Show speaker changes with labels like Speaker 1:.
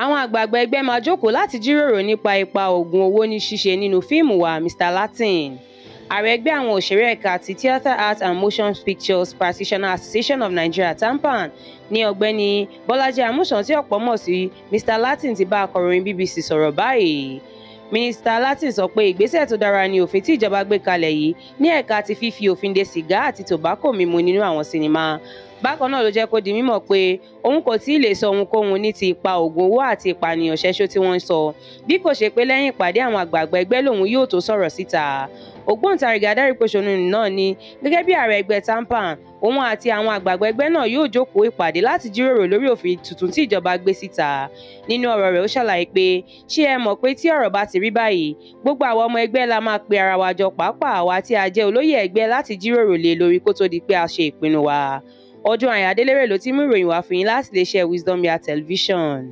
Speaker 1: Àwọn àgbààgbà ẹgbẹ́ máa jókòó láti jíròrò nípa ipa òògùn owó ní ṣíṣe nínú fíìmù wa Mr Latin. ààrẹ ẹgbẹ́ àwọn òṣèré ẹ̀ka ti Theatre Arts and Motion Pictures Practitioners Association of Nigeria (TAMPAN) ní Ọ̀gbẹ́ni Bọ́lájí Amúsàn tí ọ̀pọ̀ mọ̀ sí Mr Latin ti bá akọ̀ròyìn BBC sọ̀rọ̀ báyìí. Mínísítà Lartin sọ pé ìgbésẹ̀ tó dára ni òfin tí ìjọba gbé kalẹ̀ yìí ní ẹ̀ka ti fífi òfin de sìgá àti tòbákò mímu nínú àwọn sinimá bákan náà ló jẹ́ kó di mímọ̀ pé òun kò tí ì lè sọ ohunkóhun ní ti ipa òògùn owó àti ìpànìyàn ṣẹ́ṣó tí wọ́n ń sọ bí kò ṣe pé lẹ́yìn ìpàdé àwọn àgbààgbà ẹgbẹ́ lòun yóò tó sọ̀rọ̀ síta ògbóǹtarìgì adárípoṣónú náà ni gẹ́gẹ́ bí ààrẹ ẹgbẹ́ tampan òun àti àwọn àgbààgbà ẹgbẹ́ náà yóò jókòó ìpàdé láti jíròrò lórí òfin tuntun tí ìjọba gbé síta nínú ọ̀rọ̀ rẹ̀ ó ṣàlàyé pé ṣé ẹ mọ̀ pé tí ọ̀rọ̀ bá ti rí báyìí gbogbo àwọn ọmọ ẹgbẹ́ la máa pe ara wa jọ pàápàá àwa tí a jẹ́ olóyè ẹgbẹ́ láti jíròrò lé e lórí kó tó di pé a ṣe ìpinnu wa Ọjọ́rin Adélérè ló ti mú ìròyìn wá fún yín láti iléeṣẹ́ Wisdom Yard Television